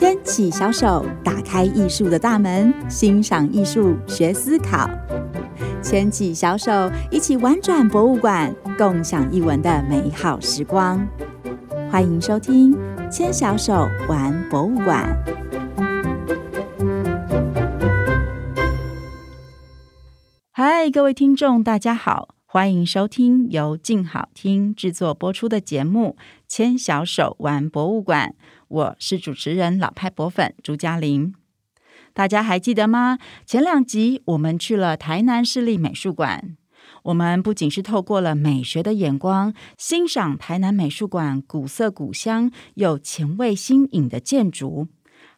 牽起小手，打開藝術的大門，欣賞藝術，學思考。牽起小手，一起玩轉博物館，共享藝文的美好時光。歡迎收聽《牽小手玩博物館》。嗨，各位聽眾，大家好，歡迎收聽由靜好聽制作播出的節目《牽小手玩博物館》。我是主持人老派博粉朱家琳，大家還記得嗎？前兩集我們去了台南市立美術館，我們不僅是透過了美學的眼光欣賞台南美術館古色古香又前衛新穎的建築，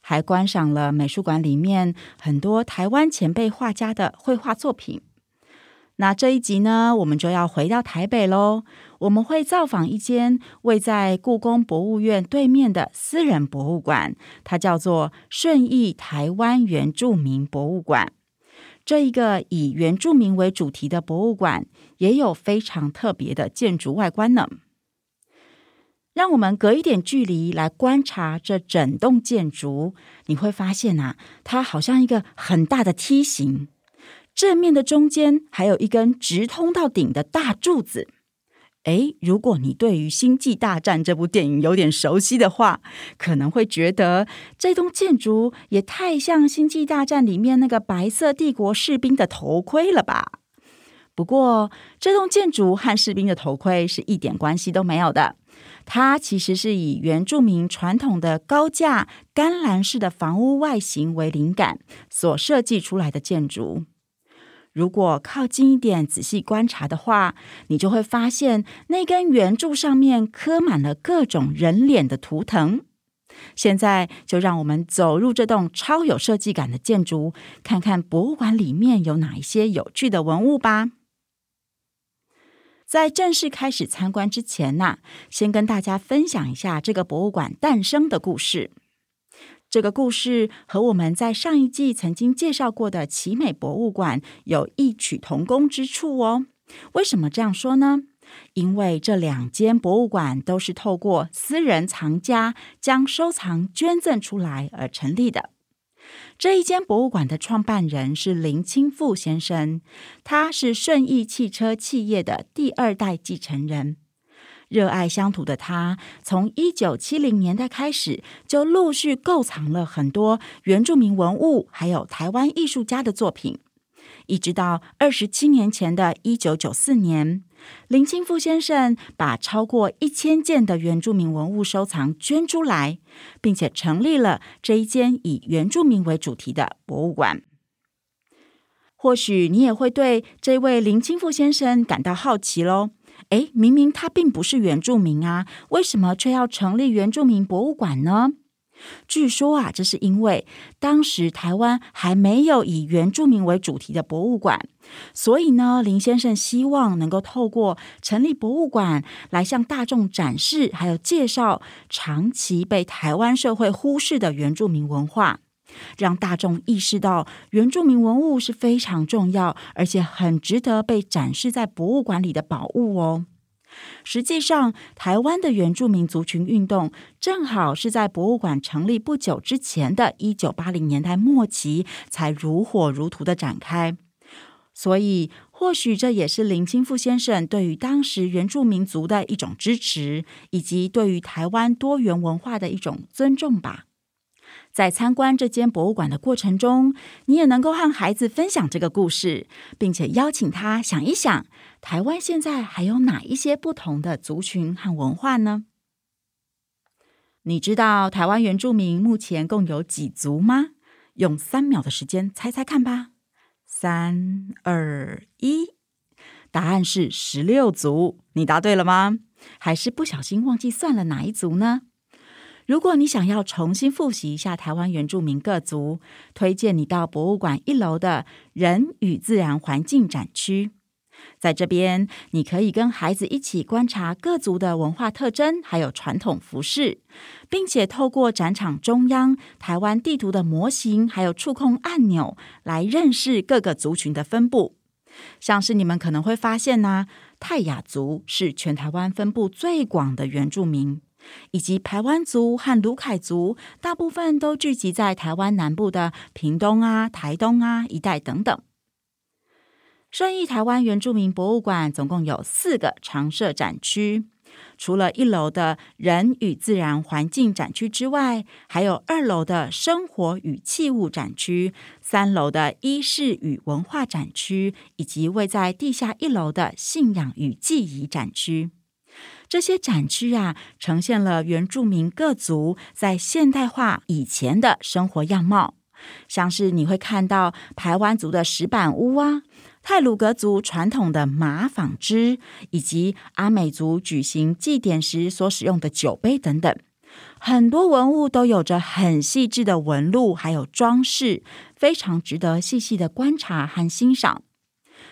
還觀賞了美術館裡面很多台灣前輩畫家的繪畫作品。那這一集呢，我們就要回到台北嘍。我們會造訪一間位在故宮博物院對面的私人博物館，它叫做順益台灣原住民博物館。這一個以原住民為主題的博物館，也有非常特別的建築外觀呢。讓我們隔一點距離來觀察這整棟建築，你會發現吶、啊，它好像一個很大的梯形，正面的中間還有一根直通到頂的大柱子。哎，如果你對於《星際大戰》這部電影有點熟悉的話，可能會覺得這棟建築也太像《星際大戰》裡面那個白色帝國士兵的頭盔了吧？不過，這棟建築和士兵的頭盔是一點關係都沒有的。它其實是以原住民傳統的高架干欄式的房屋外形為靈感所設計出來的建築。如果靠近一點仔細觀察的話，你就會發現那根圓柱上面刻滿了各種人臉的圖騰。現在就讓我們走入這棟超有設計感的建築，看看博物館裡面有哪一些有趣的文物吧。在正式開始參觀之前呢、啊，先跟大家分享一下這個博物館誕生的故事。這個故事和我們在上一季曾經介紹過的奇美博物館有異曲同工之處哦。為什麼這樣說呢？因為這兩間博物館都是透過私人藏家將收藏捐贈出來而成立的。這一間博物館的創辦人是林清富先生，他是順益汽車企業的第二代繼承人。熱愛鄉土的他，從一九七零年代開始，就陸續購藏了很多原住民文物，還有台灣藝術家的作品。一直到二十七年前的一九九四年，林清富先生把超過一千件的原住民文物收藏捐出來，並且成立了這一間以原住民為主題的博物館。或許你也會對這位林清富先生感到好奇嘍。哎，明明他並不是原住民啊，為什麼卻要成立原住民博物館呢？據說啊，這是因為當時台灣還沒有以原住民為主題的博物館，所以呢，林先生希望能夠透過成立博物館來向大眾展示，還有介紹長期被台灣社會忽視的原住民文化。讓大眾意識到原住民文物是非常重要，而且很值得被展示在博物館裡的寶物哦。實際上，台灣的原住民族群運動正好是在博物館成立不久之前的一九八零年代末期才如火如荼的展開。所以，或許這也是林清富先生對於當時原住民族的一種支持，以及對於台灣多元文化的一種尊重吧。在參觀這間博物館的過程中，你也能夠和孩子分享這個故事，並且邀請他想一想，台灣現在還有哪一些不同的族群和文化呢？你知道台灣原住民目前共有幾族嗎？用三秒的時間猜猜看吧。三、二、一，答案是十六族。你答對了嗎？還是不小心忘記算了哪一族呢？如果你想要重新複習一下台灣原住民各族，推薦你到博物館一樓的人與自然環境展區。在這邊，你可以跟孩子一起觀察各族的文化特徵，還有傳統服飾，並且透過展場中央台灣地圖的模型，還有觸控按鈕來認識各個族群的分布。像是你們可能會發現呢、啊，泰雅族是全台灣分布最廣的原住民。以及排灣族和魯凱族，大部分都聚集在台灣南部的屏東啊、台東啊一帶等等。順益台灣原住民博物館總共有四個常設展區，除了一樓的人與自然環境展區之外，還有二樓的生活與器物展區、三樓的衣飾與文化展區，以及位在地下一樓的信仰與記憶展區。這些展區啊，呈現了原住民各族在現代化以前的生活樣貌，像是你會看到排灣族的石板屋啊，太魯閣族傳統的麻紡織，以及阿美族舉行祭典時所使用的酒杯等等。很多文物都有着很細緻的紋路，還有裝飾，非常值得細細的觀察和欣賞。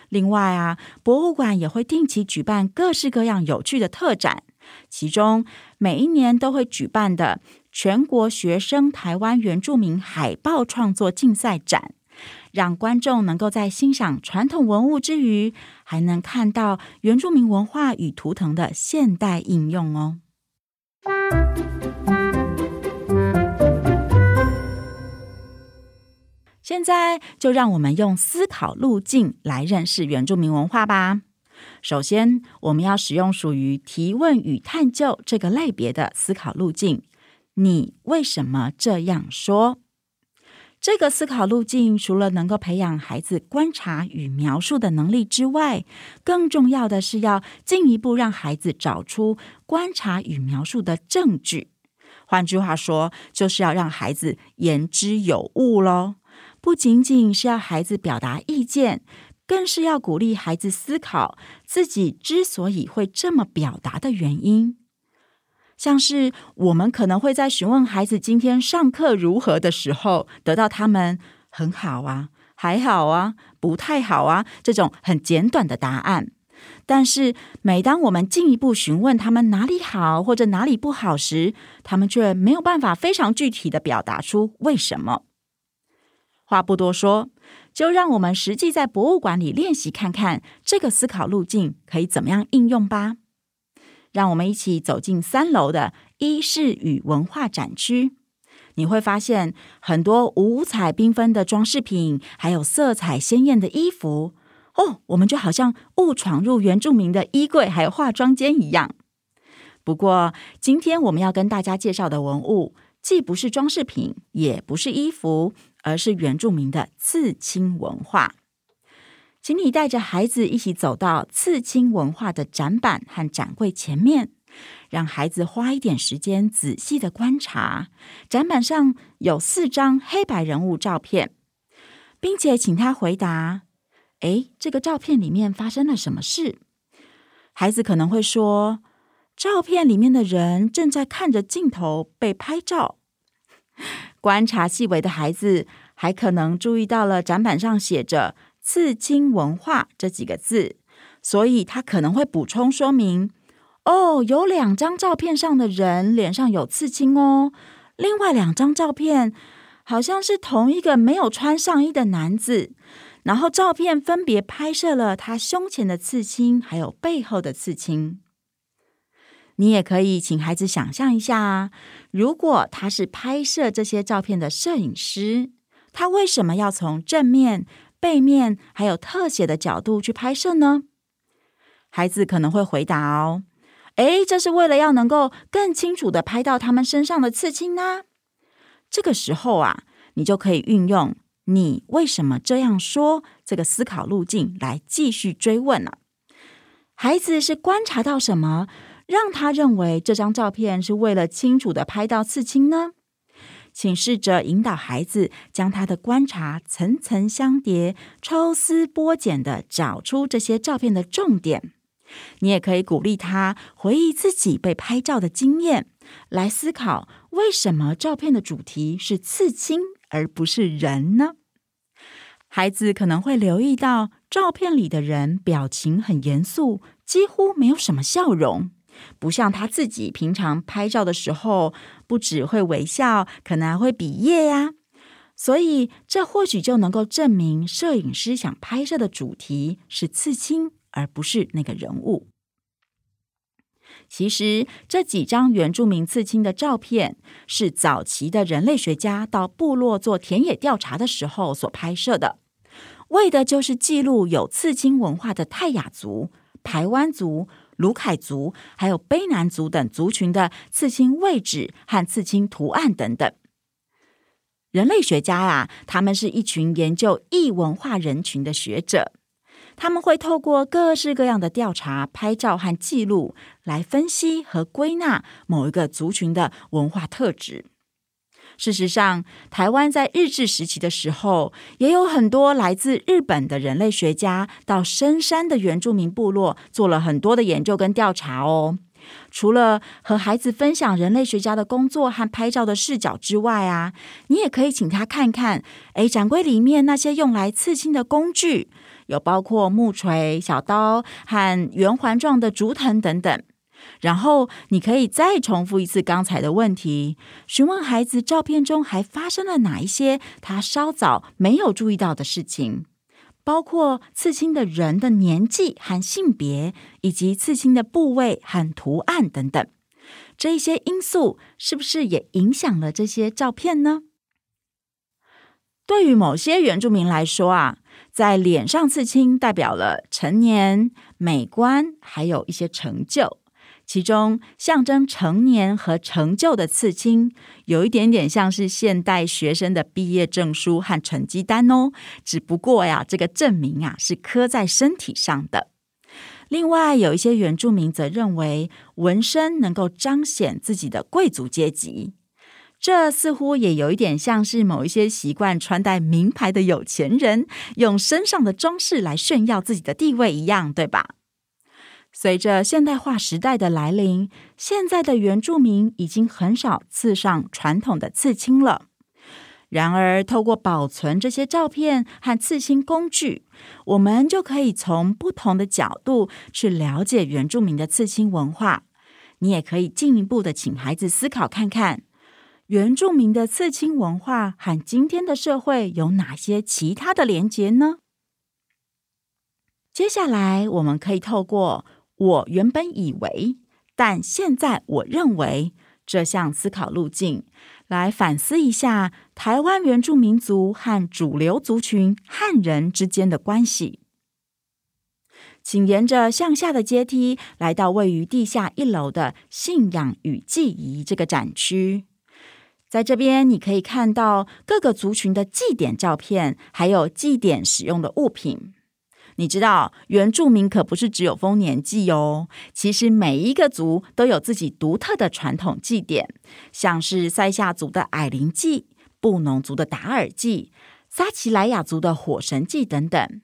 另外啊，博物館也會定期舉辦各式各樣有趣的特展，其中每一年都會舉辦的全國學生台灣原住民海報創作競賽展，讓觀眾能夠在欣賞傳統文物之餘，還能看到原住民文化與圖騰的現代應用哦。現在就讓我們用思考路徑來認識原住民文化吧。首先，我們要使用屬於提問與探究這個類別的思考路徑。你為什麼這樣說？這個思考路徑除了能夠培養孩子觀察與描述的能力之外，更重要的是要進一步讓孩子找出觀察與描述的證據。換句話說，就是要讓孩子言之有物嘍。不僅僅是要孩子表達意見，更是要鼓勵孩子思考自己之所以會這麼表達的原因。像是我們可能會在詢問孩子今天上課如何的時候，得到他們“很好啊”、“還好啊”、“不太好啊”這種很簡短的答案。但是每當我們進一步詢問他們哪裡好或者哪裡不好時，他們卻沒有辦法非常具體地表達出為什麼。話不多說，就讓我們實際在博物館裡練習看看這個思考路徑可以怎麼樣應用吧。讓我們一起走進三樓的衣飾與文化展區，你會發現很多五彩繽紛的裝飾品，還有色彩鮮艷的衣服。哦，我們就好像誤闖入原住民的衣櫃還有化妝間一樣。不過，今天我們要跟大家介紹的文物，既不是裝飾品，也不是衣服。而是原住民的刺青文化。請你帶着孩子一起走到刺青文化的展板、和展櫃前面，讓孩子花一點時間仔細的觀察。展板上有四張黑白人物照片，並且請他回答：誒，這個照片裡面發生了什麼事？孩子可能會說：照片裡面的人正在看着鏡頭被拍照。觀察細微的孩子，還可能注意到了展板上寫着“刺青文化”這幾個字，所以他可能會補充說明：“哦，有兩張照片上的人臉上有刺青哦，另外兩張照片好像是同一個沒有穿上衣的男子，然後照片分別拍攝了他胸前的刺青，還有背後的刺青。”你也可以請孩子想象一下啊，如果他是拍攝這些照片的攝影師，他為什麼要從正面、背面還有特寫的角度去拍攝呢？孩子可能會回答哦，誒，這是為了要能夠更清楚地拍到他們身上的刺青呢、啊。這個時候啊，你就可以運用“你為什麼這樣說”這個思考路徑來繼續追問了、啊。孩子是觀察到什麼？讓他認為這張照片是為了清楚地拍到刺青呢？請試着引導孩子將他的觀察層層相疊，抽絲剝繭地找出這些照片的重點。你也可以鼓勵他回憶自己被拍照的經驗，來思考為什麼照片的主題是刺青而不是人呢？孩子可能會留意到照片裡的人表情很嚴肅，幾乎沒有什麼笑容。不像他自己平常拍照的時候，不只會微笑，可能還會比耶呀。所以，這或許就能夠證明攝影師想拍攝的主題是刺青，而不是那個人物。其實，這幾張原住民刺青的照片是早期的人類學家到部落做田野調查的時候所拍攝的，為的就是記錄有刺青文化的泰雅族、排灣族。魯凱族、還有卑南族等族群的刺青位置和刺青圖案等等。人類學家呀、啊，他們是一群研究異文化人群的學者，他們會透過各式各樣的調查、拍照和記錄，來分析和歸納某一個族群的文化特質。事實上，台灣在日治時期的時候，也有很多來自日本的人類學家到深山的原住民部落做了很多的研究跟調查哦。除了和孩子分享人類學家的工作和拍照的視角之外啊，你也可以請他看看，誒，展櫃裡面那些用來刺青的工具，有包括木錘、小刀和圓環狀的竹藤等等。然後你可以再重複一次剛才的問題，詢問孩子照片中還發生了哪一些他稍早沒有注意到的事情，包括刺青的人的年紀和性別，以及刺青的部位和圖案等等。這一些因素是不是也影響了這些照片呢？對於某些原住民來說啊，在臉上刺青代表了成年、美觀，還有一些成就。其中象徵成年和成就的刺青，有一點點像是現代學生的畢業證書和成績單哦。只不過呀，這個證明啊是刻在身體上的。另外，有一些原住民則認為紋身能夠彰顯自己的貴族階級，這似乎也有一點像是某一些習慣穿戴名牌的有錢人，用身上的裝飾來炫耀自己的地位一樣，對吧？隨着現代化時代的來臨，現在的原住民已經很少刺上傳統的刺青了。然而，透過保存這些照片和刺青工具，我們就可以從不同的角度去了解原住民的刺青文化。你也可以進一步的請孩子思考看看，原住民的刺青文化和今天的社會有哪些其他的連結呢？接下來，我們可以透過。我原本以為，但現在我認為，這項思考路徑來反思一下台灣原住民族和主流族群漢人之間的關係。請沿着向下的階梯，來到位於地下一樓的信仰與祭儀這個展區。在這邊，你可以看到各個族群的祭典照片，還有祭典使用的物品。你知道，原住民可不是只有豐年祭喲、哦，其實每一個族都有自己獨特的傳統祭典，像是賽夏族的矮靈祭、布農族的打耳祭、撒奇萊雅族的火神祭等等。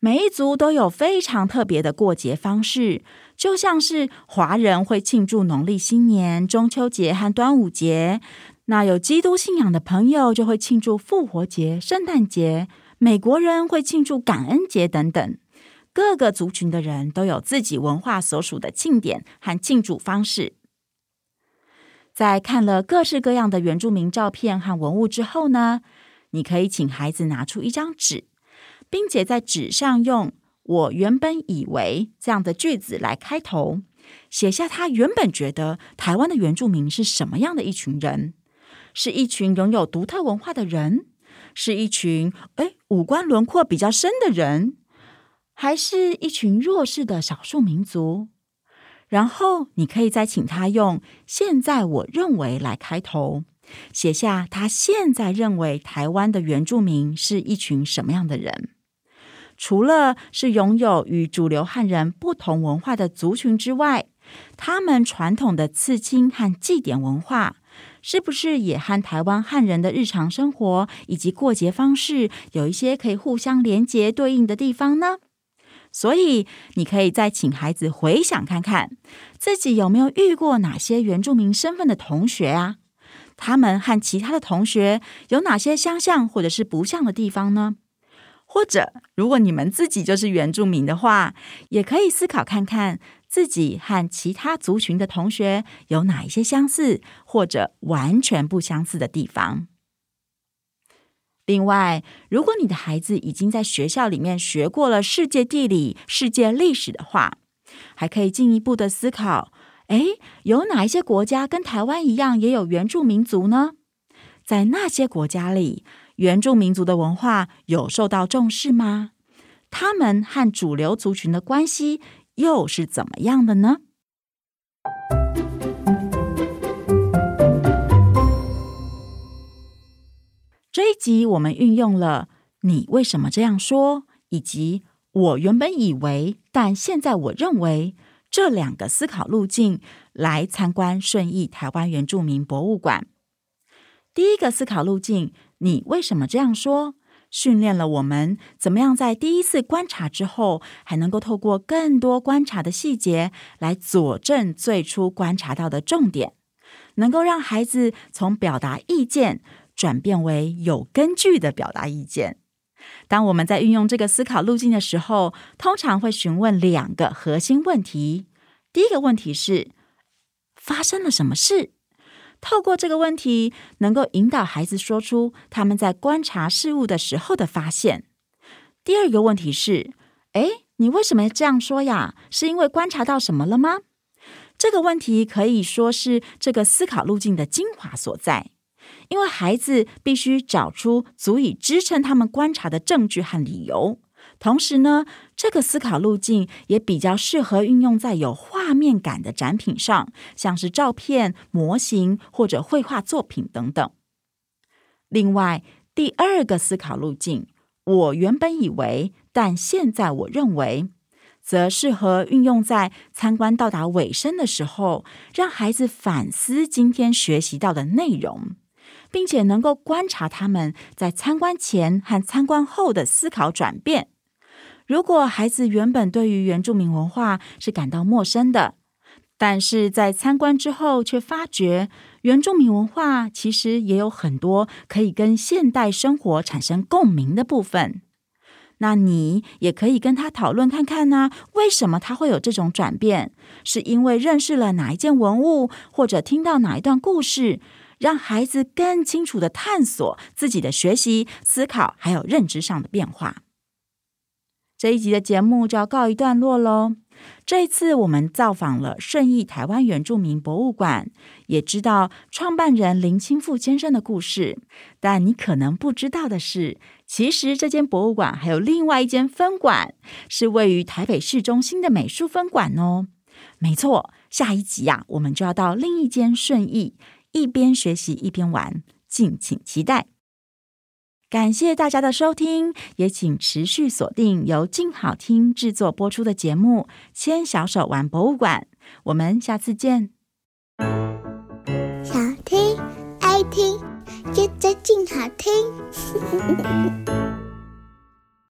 每一族都有非常特別的過節方式，就像是華人會慶祝農曆新年、中秋節和端午節，那有基督信仰的朋友就會慶祝復活節、聖誕節。美國人會慶祝感恩節等等，各個族群的人都有自己文化所屬的慶典和慶祝方式。在看了各式各樣的原住民照片和文物之後呢，你可以請孩子拿出一張紙，並且在紙上用“我原本以為”這樣的句子來開頭，寫下他原本覺得台灣的原住民是什麼樣的一群人，是一群擁有獨特文化的人，是一群哎，五官輪廓比較深的人，還是一群弱勢的少數民族？然後你可以再請他用“現在我認為”來開頭，寫下他現在認為台灣的原住民是一群什麼樣的人。除了是擁有與主流漢人不同文化的族群之外，他們傳統的刺青和祭典文化。是不是也和台灣漢人的日常生活以及過節方式有一些可以互相連接對應的地方呢？所以你可以再請孩子回想看看，自己有沒有遇過哪些原住民身份的同學啊？他們和其他的同學有哪些相像或者是不像的地方呢？或者如果你們自己就是原住民的話，也可以思考看看，自己和其他族群的同學有哪一些相似，或者完全不相似的地方？另外，如果你的孩子已經在學校裡面學過了世界地理、世界歷史的話，還可以進一步的思考：哎，有哪一些國家跟台灣一樣也有原住民族呢？在那些國家裡，原住民族的文化有受到重視嗎？他們和主流族群的關係，又是怎麼樣的呢？這一集我們運用了“你為什麼這樣說”以及“我原本以為，但現在我認為”這兩個思考路徑來參觀順益台灣原住民博物館。第一個思考路徑，“你為什麼這樣說？”訓練了我們怎麼樣在第一次觀察之後，還能夠透過更多觀察的細節來佐證最初觀察到的重點，能夠讓孩子從表達意見轉變為有根據的表達意見。當我們在運用這個思考路徑的時候，通常會詢問兩個核心問題。第一個問題是發生了什麼事？透過這個問題，能夠引導孩子說出他們在觀察事物的時候的發現。第二個問題是，哎，你為什麼這樣說呀？是因為觀察到什麼了嗎？這個問題可以說是這個思考路徑的精華所在，因為孩子必須找出足以支撐他們觀察的證據和理由。同時呢，這個思考路徑也比較適合運用在有畫面感的展品上，像是照片、模型或者繪畫作品等等。另外，第二個思考路徑，我原本以為，但現在我認為，則適合運用在參觀到達尾聲的時候，讓孩子反思今天學習到的內容，並且能夠觀察他們在參觀前和參觀後的思考轉變。如果孩子原本對於原住民文化是感到陌生的，但是在參觀之後卻發覺原住民文化其實也有很多可以跟現代生活產生共鳴的部分，那你也可以跟他討論看看呢、啊，為什麼他會有這種轉變？是因為認識了哪一件文物，或者聽到哪一段故事，讓孩子更清楚的探索自己的學習、思考還有認知上的變化。這一集的節目就要告一段落嘍。這一次我們造訪了順益台灣原住民博物館，也知道創辦人林清富先生的故事。但你可能不知道的是，其實這間博物館還有另外一間分館，是位於台北市中心的美術分館哦。沒錯，下一集呀、啊，我們就要到另一間順益，一邊學習一邊玩，敬請期待。感謝大家的收聽，也請持續鎖定由靜好聽制作播出的節目《牽小手玩博物館》，我們下次見。想聽愛聽，就在靜好聽。